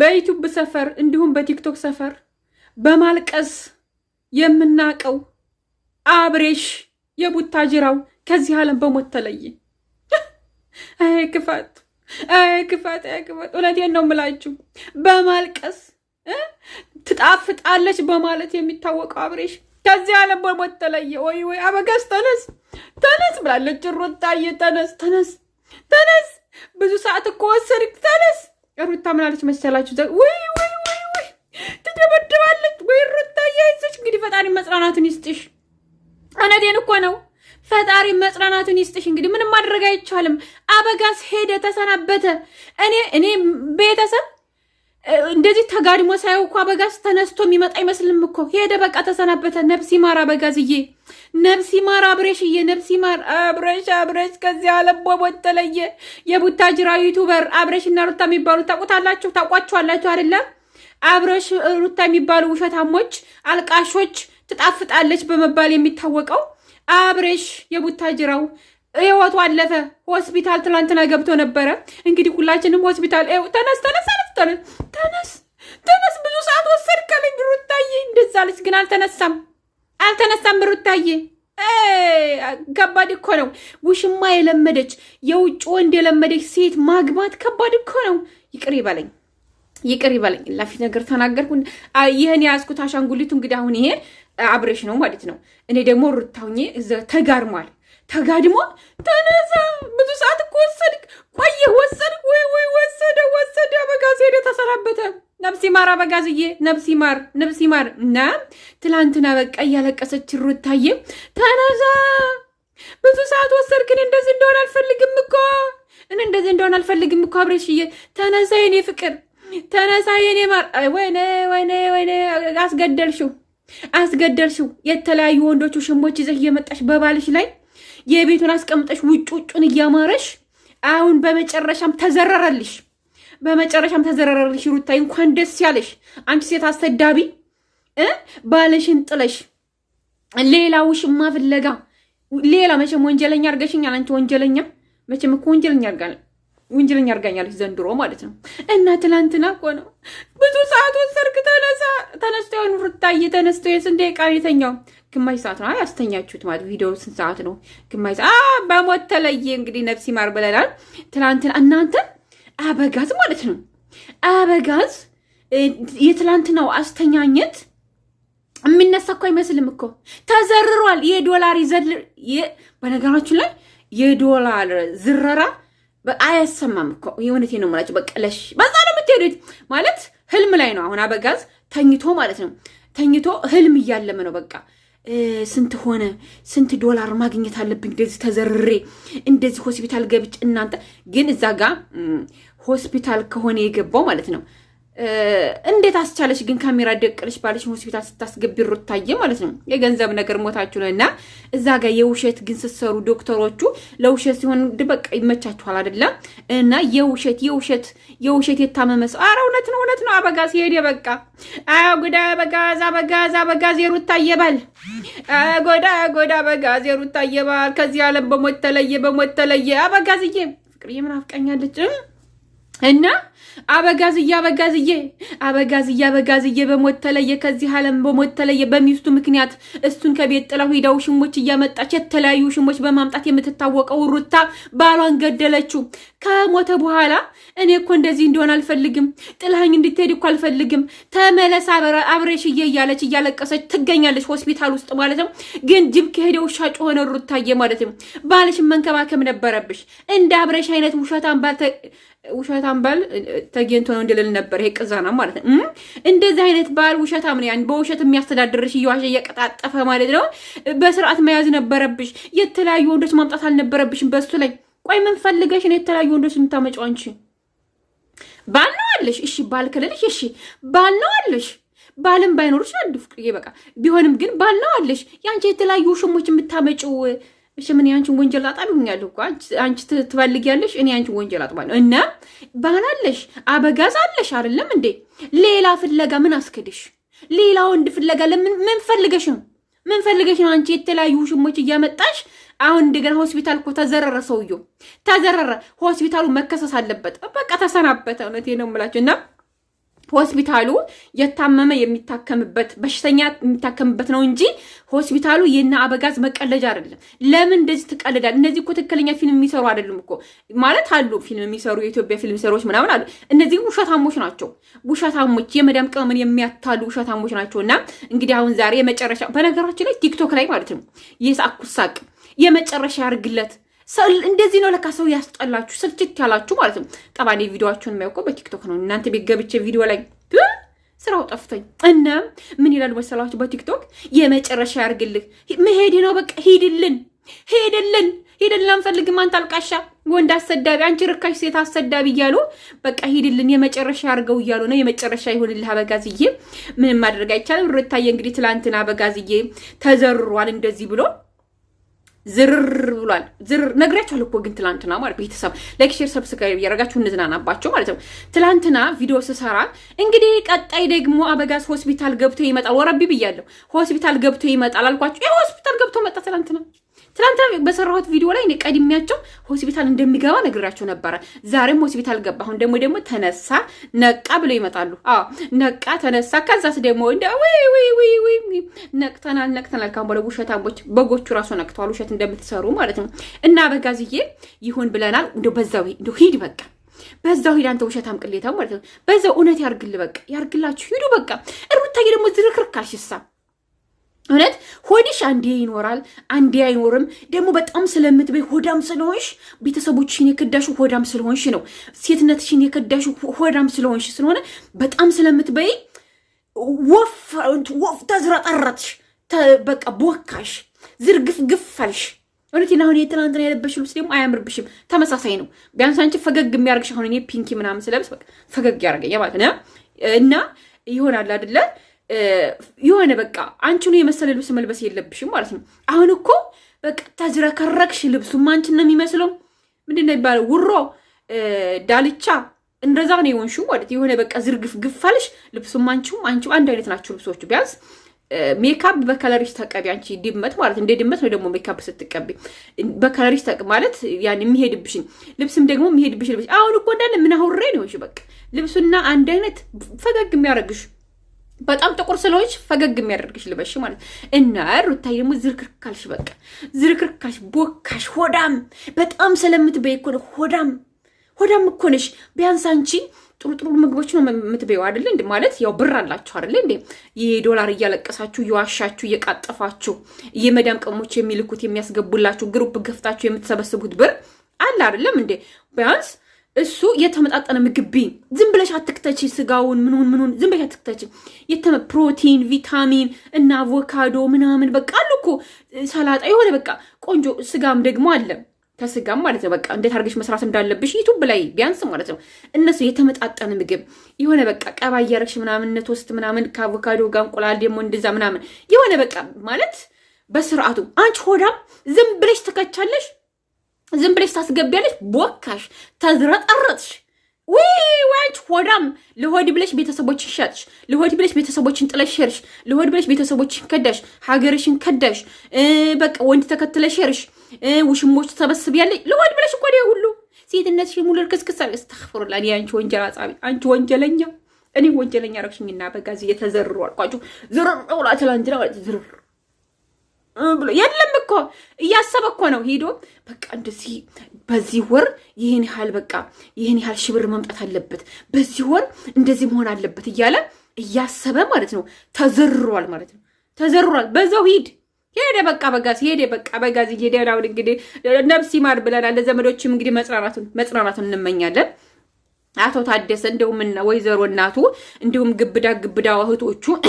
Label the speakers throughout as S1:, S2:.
S1: በዩቲዩብ ሰፈር እንዲሁም በቲክቶክ ሰፈር በማልቀስ የምናቀው አብሬሽ የቡታጅራው ከዚህ ዓለም በሞት ተለየ። አይ ክፋት፣ አይ ክፋት፣ አይ ክፋት! እውነቴን ነው የምላችሁ። በማልቀስ ትጣፍጣለች በማለት የሚታወቀው አብሬሽ ከዚህ ዓለም በሞት ተለየ። ወይ ወይ! አበጋዝ ተነስ፣ ተነስ ብላለች ሩታዬ። ተነስ፣ ተነስ፣ ተነስ! ብዙ ሰዓት እኮ ወሰድክ። ተነስ ሩታ ምናለች መሰላችሁ? ወይ ወይ ወይ ወይ ትደበድባለች። ወይ ሩታ እያይዘች እንግዲህ ፈጣሪ መጽናናቱን ይስጥሽ። እውነቴን እኮ ነው። ፈጣሪ መጽናናቱን ይስጥሽ። እንግዲህ ምንም ማድረግ አይቻልም። አበጋስ ሄደ፣ ተሰናበተ። እኔ እኔ ቤተሰብ እንደዚህ ተጋድሞ ሳይ እኮ አበጋዝ ተነስቶ የሚመጣ አይመስልም እኮ ሄደ። በቃ ተሰናበተ። ነብሲ ማር አበጋዝዬ፣ ነብሲ ማር አብሬሽዬ፣ ነብሲ ማር አብረሽ፣ አብረሽ ከዚህ ዓለም ቦቦት ተለየ። የቡታጅራ ዩቱበር አብረሽ እና ሩታ የሚባሉ ታውቁታላችሁ፣ ታውቋችኋላችሁ አይደለ? አብረሽ ሩታ የሚባሉ ውሸታሞች፣ አልቃሾች፣ ትጣፍጣለች በመባል የሚታወቀው አብሬሽ ጅራው ህይወቱ አለፈ። ሆስፒታል ትላንትና ገብቶ ነበረ። እንግዲህ ሁላችንም ሆስፒታል ተነስ ተነስ ተነስተን ተነስ ተነስ፣ ብዙ ሰዓት ወሰድከኝ ሩታዬ እንደዛ አለች። ግን አልተነሳም አልተነሳም ሩታዬ ከባድ እኮ ነው። ውሽማ የለመደች የውጭ ወንድ የለመደች ሴት ማግባት ከባድ እኮ ነው። ይቅር ይበለኝ፣ ይቅር ይበለኝ። ላፊት ነገር ተናገርኩ። ይህን የያዝኩት አሻንጉሊቱ እንግዲህ አሁን ይሄ አብሬሽ ነው ማለት ነው። እኔ ደግሞ ሩታውኜ ተጋርሟል ተጋድሞ ተነሳ። ብዙ ሰዓት እኮ ወሰድክ፣ ቆየ ወሰድክ። ወይ ወይ ወሰደ ወሰደ። አበጋዝ ሄደ፣ ተሰራበተ። ነብሲ ማር አበጋዝዬ፣ ነብሲ ማር፣ ነብሲ ማር። እና ትላንትና በቃ እያለቀሰች ሩታዬ፣ ተነሳ፣ ብዙ ሰዓት ወሰድክን። እንደዚህ እንደሆነ አልፈልግም እኮ እኔ እንደዚህ እንደሆነ አልፈልግም እኮ አብሬሽዬ፣ ተነሳ የኔ ፍቅር፣ ተነሳ የኔ ማር። ወይኔ ወይኔ ወይኔ፣ አስገደልሽው፣ አስገደልሽው። የተለያዩ ወንዶቹ ሽሞች ይዘሽ እየመጣሽ በባልሽ ላይ የቤቱን አስቀምጠሽ ውጭ ውጩን እያማረሽ አሁን በመጨረሻም ተዘረረልሽ፣ በመጨረሻም ተዘረረልሽ። ሩታይ እንኳን ደስ ያለሽ። አንቺ ሴት አስተዳቢ ባለሽን ጥለሽ ሌላ ውሽማ ፍለጋ ሌላ መቼም ወንጀለኛ አድርገሽኛል። አንቺ ወንጀለኛ መቼም እኮ ወንጀለኛ አድርጋለች ወንጀለኛ አድርጋኛለች ዘንድሮ ማለት ነው። እና ትላንትና እኮ ነው ብዙ ሰዓቱን ሰርግ ተነሳ ተነስቶ ያን ሩታዬ ተነስቶ የስንዴ ቃል የተኛው ግማሽ ሰዓት ነው ያስተኛችሁት ማለት ቪዲዮ ስንት ሰዓት ነው? ግማሽ ሰዓት በሞት ተለየ። እንግዲህ ነፍስ ይማር ብለናል። ትላንትና እናንተ አበጋዝ ማለት ነው አበጋዝ የትላንትናው አስተኛኘት የሚነሳ እኮ አይመስልም እኮ ተዘርሯል። የዶላር ይዘል በነገራችን ላይ የዶላር ዝረራ አያሰማም እኮ የእውነቴ ነው የምላቸው። በቀለሽ በዛ ነው የምትሄዱት ማለት ህልም ላይ ነው። አሁን አበጋዝ ተኝቶ ማለት ነው ተኝቶ ህልም እያለመ ነው በቃ ስንት ሆነ ስንት ዶላር ማግኘት አለብኝ እንደዚህ ተዘርሬ እንደዚህ ሆስፒታል ገብጭ እናንተ ግን እዛ ጋ ሆስፒታል ከሆነ የገባው ማለት ነው እንዴት አስቻለች ግን ካሜራ ደቅልሽ ባለች ሆስፒታል ስታስገቢ ሩታዬ ማለት ነው። የገንዘብ ነገር ሞታችሁ ነው እና እዛ ጋር የውሸት ግን ስትሰሩ ዶክተሮቹ ለውሸት ሲሆን ድበቅ ይመቻችኋል አይደለም እና የውሸት የውሸት የውሸት የታመመ ሰው ኧረ እውነት ነው እውነት ነው አበጋዝ ሲሄድ በቃ ጎዳ አበጋዝ አበጋዝ አበጋዝ የሩታዬ ባል ጎዳ ጎዳ አበጋዝ የሩታዬ ባል ከዚህ ዓለም በሞት ተለየ በሞት ተለየ አበጋዝዬ ፍቅርዬ ምን አፍቃኛለች እና አበጋዝዬ አበጋዝዬ አበጋዝዬ አበጋዝዬ በሞት ተለየ፣ ከዚህ ዓለም በሞት ተለየ። በሚስቱ ምክንያት እሱን ከቤት ጥለው ሂዳው ሽሞች እያመጣች የተለያዩ ሽሞች በማምጣት የምትታወቀው ሩታ ባሏን ገደለችው። ከሞተ በኋላ እኔ እኮ እንደዚህ እንዲሆን አልፈልግም፣ ጥላኝ እንድትሄድ እኮ አልፈልግም፣ ተመለስ አብሬሽዬ እያለች እያለቀሰች ትገኛለች፣ ሆስፒታል ውስጥ ማለት ነው። ግን ጅብ ከሄደ ውሻ ጮኸ። ሩታዬ ማለት ነው ባልሽን መንከባከብ ነበረብሽ። እንደ አብሬሽ አይነት ውሸታም ውሸታም ባል ተገኝቶ ነው እንድልል ነበር። ይሄ ቅዘና ማለት ነው። እንደዚህ አይነት ባል ውሸታም ነው። ያን በውሸት የሚያስተዳድርሽ እየዋሸ እየቀጣጠፈ ማለት ነው። በስርዓት መያዝ ነበረብሽ። የተለያዩ ወንዶች ማምጣት አልነበረብሽም በሱ ላይ። ቆይ ምን ፈልገሽ ነው የተለያዩ ወንዶች የምታመጫው አንቺ? ባል ነው አለሽ። እሺ ባል ከሌለሽ፣ እሺ ባል ነው አለሽ። ባልም ባይኖርሽ አንዱ ፍቅዬ፣ በቃ ቢሆንም ግን ባል ነው አለሽ። ያንቺ የተለያዩ ውሽሞች የምታመጭው እሺ ምን ያንቺን ወንጀል አጣቢ ሆኛለሁ እኮ አንቺ ትፈልጊያለሽ፣ እኔ ያንቺን ወንጀል አጥባለሁ። እና ባናለሽ አበጋዝ አለሽ አይደለም እንዴ? ሌላ ፍለጋ ምን አስክድሽ? ሌላ ወንድ ፍለጋ ለምን? ምን ፈልገሽ ነው? ምን ፈልገሽ ነው? አንቺ የተለያዩ ውሽሞች እያመጣሽ አሁን እንደገና ሆስፒታል እኮ ተዘረረ፣ ሰውየው ተዘረረ። ሆስፒታሉ መከሰስ አለበት። በቃ ተሰናበተ። እውነቴን ነው የምላቸው እና ሆስፒታሉ የታመመ የሚታከምበት በሽተኛ የሚታከምበት ነው እንጂ ሆስፒታሉ የነ አበጋዝ መቀለጃ አይደለም። ለምን እንደዚህ ትቀልዳል? እነዚህ እኮ ትክክለኛ ፊልም የሚሰሩ አይደሉም እኮ ማለት አሉ። ፊልም የሚሰሩ የኢትዮጵያ ፊልም ሰሮች ምናምን አሉ። እነዚህ ውሸታሞች ናቸው። ውሸታሞች፣ የመዳም ቅመምን የሚያታሉ ውሸታሞች ናቸው። እና እንግዲህ አሁን ዛሬ የመጨረሻ በነገራችን ላይ ቲክቶክ ላይ ማለት ነው ይህ ሳቅ የመጨረሻ ያርግለት እንደዚህ ነው ለካ ሰው ያስጠላችሁ፣ ስልችት ያላችሁ ማለት ነው። ጠባኔ ቪዲዮችሁን የማያውቀው በቲክቶክ ነው። እናንተ ቤት ገብቼ ቪዲዮ ላይ ስራው ጠፍቶኝ እና ምን ይላል መሰላችሁ? በቲክቶክ የመጨረሻ ያርግልህ። መሄድ ነው በቃ ሂድልን፣ ሂድልን፣ ሂድልን፣ አንፈልግም። አንተ አልቃሻ ወንድ አሰዳቢ፣ አንቺ ርካሽ ሴት አሰዳቢ እያሉ በቃ ሂድልን፣ የመጨረሻ ያርገው እያሉ ነው። የመጨረሻ ይሆንልህ አበጋዝዬ። ምንም ማድረግ አይቻልም። ሩታዬ እንግዲህ ትላንትና አበጋዝዬ ተዘርሯል እንደዚህ ብሎ ዝርር ብሏል። ዝርር ነግሬያችኋል እኮ ግን ትላንትና ማለት ቤተሰብ ላይክ፣ ሼር፣ ሰብስክራይብ እያደረጋችሁ እንዝናናባቸው ማለት ነው። ትላንትና ቪዲዮ ስሰራ እንግዲህ ቀጣይ ደግሞ አበጋዝ ሆስፒታል ገብቶ ይመጣል። ወረቢ ብያለሁ። ሆስፒታል ገብቶ ይመጣል አልኳቸው። ሆስፒታል ገብቶ መጣ ትላንትና። ትናንትና በሰራሁት ቪዲዮ ላይ ቀድሚያቸው ሆስፒታል እንደሚገባ ነግራቸው ነበረ። ዛሬም ሆስፒታል ገባ። አሁን ደግሞ ደግሞ ተነሳ ነቃ ብለው ይመጣሉ። አዎ ነቃ ተነሳ። ከዛስ ደግሞ እንደ ነቅተናል ነቅተናል። ካሁን በኋላ ውሸታሞች በጎቹ ራሱ ነቅተዋል፣ ውሸት እንደምትሰሩ ማለት ነው። እና በጋዝዬ ይሁን ብለናል። እንደ በዛው ሂድ በቃ በዛው ሂድ አንተ ውሸታም ቅሌታ ማለት ነው። በዛው እውነት ያርግል በቃ ያርግላችሁ ሂዱ በቃ። እሩታዬ ደግሞ ዝርክርክ አልሽሳ እውነት ሆድሽ አንዴ ይኖራል፣ አንዴ አይኖርም። ደግሞ በጣም ስለምትበይ ሆዳም ስለሆንሽ ቤተሰቦችሽን የከዳሹ ሆዳም ስለሆንሽ ነው። ሴትነትሽን የከዳሹ ሆዳም ስለሆንሽ ስለሆነ በጣም ስለምትበይ ወፍ ተዝረጠረትሽ፣ በቃ ቦካሽ፣ ዝርግፍ ግፋልሽ። እውነቴን አሁን የትናንትና የለበሽ ልብስ ደግሞ አያምርብሽም። ተመሳሳይ ነው። ቢያንስ አንቺ ፈገግ የሚያደርግሽ አሁን እኔ ፒንኪ ምናምን ስለብስ ፈገግ ያደርገኛል ማለት ነው እና ይሆናል አይደለ የሆነ በቃ አንቺኑ የመሰለ ልብስ መልበስ የለብሽም ማለት ነው። አሁን እኮ በቃ ተዝረከረክሽ፣ ልብሱም አንቺን ነው የሚመስለው። ምንድን ነው የሚባለው? ውሮ ዳልቻ እንደዛ ነው የሆንሽው ማለት የሆነ በቃ ዝርግፍ ግፋልሽ። ልብሱም አንቺም አንቺም አንድ አይነት ናቸው ልብሶቹ። ቢያንስ ሜካፕ በከለሪሽ ተቀቢ አንቺ ድመት ማለት እንደ ድመት ነው ደግሞ ሜካፕ ስትቀቢ በከለሪሽ ማለት ያን የሚሄድብሽን ልብስም ደግሞ የሚሄድብሽ ልብስ። አሁን እኮ እንዳለ ምን አውሬ ነው በቃ ልብሱና አንድ አይነት ፈገግ የሚያደርግሽ በጣም ጥቁር ስለሆንሽ ፈገግ የሚያደርግሽ ልበሽ ማለት እና ሩታይ ደግሞ ዝርክርካልሽ፣ በቃ ዝርክርካልሽ፣ ቦካሽ፣ ሆዳም በጣም ስለምትበይ እኮ ነው። ሆዳም ሆዳም እኮ ነሽ። ቢያንስ አንቺ ጥሩ ጥሩ ምግቦች ነው የምትበይው አይደለ እንዴ? ማለት ያው ብር አላችሁ አይደለ እንዴ? ይሄ ዶላር እያለቀሳችሁ እየዋሻችሁ እየቃጠፋችሁ የመዳም ቀሞች የሚልኩት የሚያስገቡላችሁ ግሩፕ ገፍታችሁ የምትሰበስቡት ብር አለ አይደለም እንዴ? ቢያንስ እሱ የተመጣጠነ ምግብ ቢ ዝም ብለሽ አትክተች። ስጋውን ምንሁን ምንሁን ዝም ብለሽ አትክተች። የተመ ፕሮቲን፣ ቪታሚን እና አቮካዶ ምናምን በቃ አሉ እኮ ሰላጣ፣ የሆነ በቃ ቆንጆ ስጋም ደግሞ አለ ከስጋም ማለት ነው። በቃ እንዴት አድርገሽ መስራት እንዳለብሽ ዩቱብ ላይ ቢያንስ ማለት ነው እነሱ የተመጣጠነ ምግብ የሆነ በቃ ቀባ እያረግሽ ምናምን ቶስት ምናምን ከአቮካዶ ጋር እንቁላል ደግሞ እንደዛ ምናምን የሆነ በቃ ማለት በስርዓቱ አንቺ ሆዳም ዝም ብለሽ ትከቻለሽ። ዝም ብለሽ ታስገቢያለሽ፣ ቦካሽ፣ ተዝረጠረጥሽ። ውይ ወንች ሆዳም ለሆድ ብለሽ ቤተሰቦችን ሸጥሽ፣ ለሆድ ብለሽ ቤተሰቦችን ጥለሽ ሄድሽ፣ ለሆድ ብለሽ ቤተሰቦችን ከዳሽ፣ ሀገርሽን ከዳሽ። በቃ ወንድ ተከትለሽ ሄድሽ፣ ውሽሞች ተሰበስቢያለሽ። ለሆድ ብለሽ እኮ ሁሉ ሴትነትሽ ሙሉ እርክስክስ አለ። እስተፍሩላ አንቺ ወንጀል አጻቢ፣ አንቺ ወንጀለኛ፣ እኔ ወንጀለኛ ረግሽኝና በጋዝ እየተዘርሩ አልኳችሁ። ዝርር ብላ ትላንትና ዝርር ብሎ የለም እኮ እያሰበ እኮ ነው ሄዶ በቃ እንደዚህ በዚህ ወር ይህን ያህል በቃ ይህን ያህል ሽብር መምጣት አለበት፣ በዚህ ወር እንደዚህ መሆን አለበት እያለ እያሰበ ማለት ነው። ተዘሯል ማለት ነው። ተዘሯል። በዛው ሂድ ሄደ በቃ በጋዝ ሄደ በቃ በጋዝ ሄደ። አሁን እንግዲህ ነብስ ይማር ብለናል። ለዘመዶችም እንግዲህ መጽናናቱን መጽናናቱን እንመኛለን። አቶ ታደሰ እንደውም ወይዘሮ እናቱ እንዲሁም ግብዳ ግብዳ እህቶቹ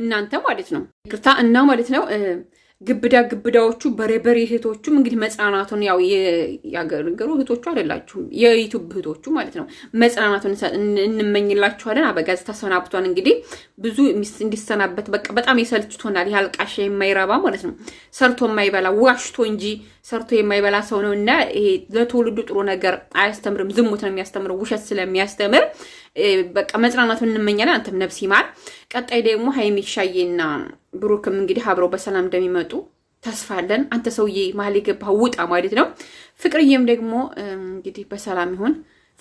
S1: እናንተ ማለት ነው ይቅርታ እና ማለት ነው ግብዳ ግብዳዎቹ በሬበሬ እህቶቹም እንግዲህ መጽናናቱን ያው ያገሩ እህቶቹ አይደላችሁም የዩቱብ እህቶቹ ማለት ነው። መጽናናቱን እንመኝላችኋለን። አበጋዝ ተሰናብቷን እንግዲህ ብዙ እንዲሰናበት በቃ በጣም የሰልችቶናል። ያልቃሻ የማይረባ ማለት ነው ሰርቶ የማይበላ ዋሽቶ እንጂ ሰርቶ የማይበላ ሰው ነው እና ይሄ ለትውልዱ ጥሩ ነገር አያስተምርም። ዝሙት ነው የሚያስተምረው ውሸት ስለሚያስተምር በቃ መጽናናቱን እንመኛለን። አንተም ነፍስ ይማር። ቀጣይ ደግሞ ሀይሚሻዬና ብሩክም እንግዲህ አብረው በሰላም እንደሚመጡ ተስፋ አለን። አንተ ሰውዬ መሀል የገባ ውጣ ማለት ነው። ፍቅርዬም ደግሞ እንግዲህ በሰላም ይሁን።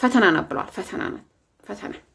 S1: ፈተና ናት ብለዋል። ፈተና ናት ፈተና